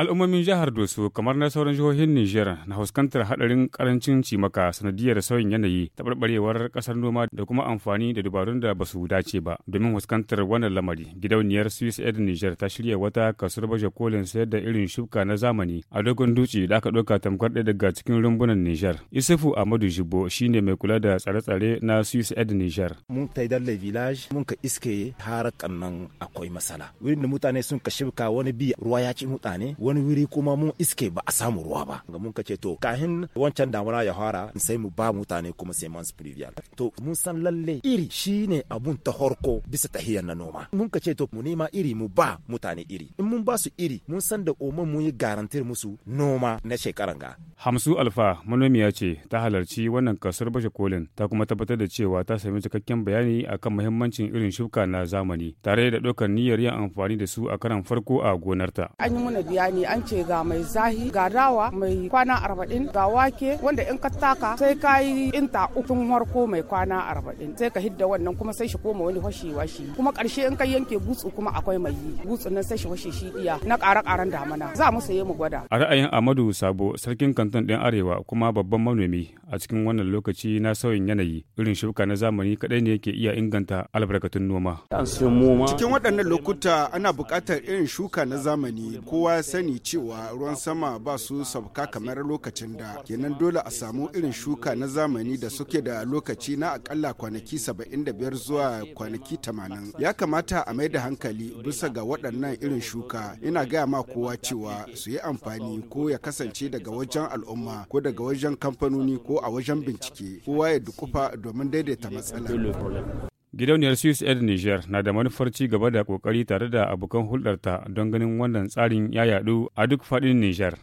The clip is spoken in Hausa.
al'ummomin jihar doso kamar na sauran jihohin niger na fuskantar hadarin karancin cimaka sanadiyar sauyin yanayi taɓarɓarewar ƙasar noma da kuma amfani da dabarun da basu dace ba domin fuskantar wannan lamari gidauniyar swiss aid niger ta shirya wata kasuwar baje kolin sayar da irin shuka na zamani a dogon dutse da aka ɗauka tamkar ɗaya daga cikin rumbunan niger isufu amadu jibo shine mai kula da tsare-tsare na swiss aid niger mun taidar da village mun ka iske harakan nan akwai masala wurin da mutane sun ka shibka wani bi ruwa ya ci mutane wani wuri kuma mun iske ba a samu ruwa ba ga mun kace to kahin wancan damuna ya fara sai mu ba mutane kuma sai man pluvial to mun san lalle iri shine abun ta horko bisa tahiyar na noma mun kace to mu nema iri mu ba mutane iri in mun ba su iri mun san da oman mun yi garantir musu noma na shekaran ga Hamsu Alfa manomiya ce ta halarci wannan kasar bashe kolin ta kuma tabbatar da cewa ta sami cikakken bayani akan muhimmancin irin shuka na zamani tare da ɗaukar niyyar yin amfani da su a karan farko a gonarta. An yi mana bayani an ce ga mai zahi ga dawa mai kwana arba'in ga wake wanda in ka taka sai ka yi inta ukun harko mai kwana arba'in sai ka hidda wannan kuma sai shi koma wani fashewa kuma karshe in ka yanke gutsu kuma akwai mai yi gutsu nan sai shi washe shi iya na ƙara ƙaran damana za mu saye mu gwada. a ra'ayin amadu sabo sarkin kanton ɗin arewa kuma babban manomi a cikin wannan lokaci na sauyin yanayi irin shuka na zamani kaɗai ne yake iya inganta albarkatun noma. cikin waɗannan lokuta ana buƙatar irin shuka na zamani kowa sani bayani cewa ruwan sama ba su sauka kamar lokacin da kenan dole a samu irin shuka na zamani da suke da lokaci na akalla kwanaki 75 zuwa kwanaki 80 ya kamata a mai da hankali bisa ga waɗannan irin shuka ina gaya ma kowa cewa su yi amfani ko ya kasance daga wajen al'umma ko daga wajen kamfanoni ko a wajen bincike kowa ya dukufa domin daidaita matsala. Gidauniyar Swiss Aid Niger na da manufar ci gaba da kokari tare da abokan hulɗarta don ganin wannan tsarin ya yaɗu a duk faɗin Niger.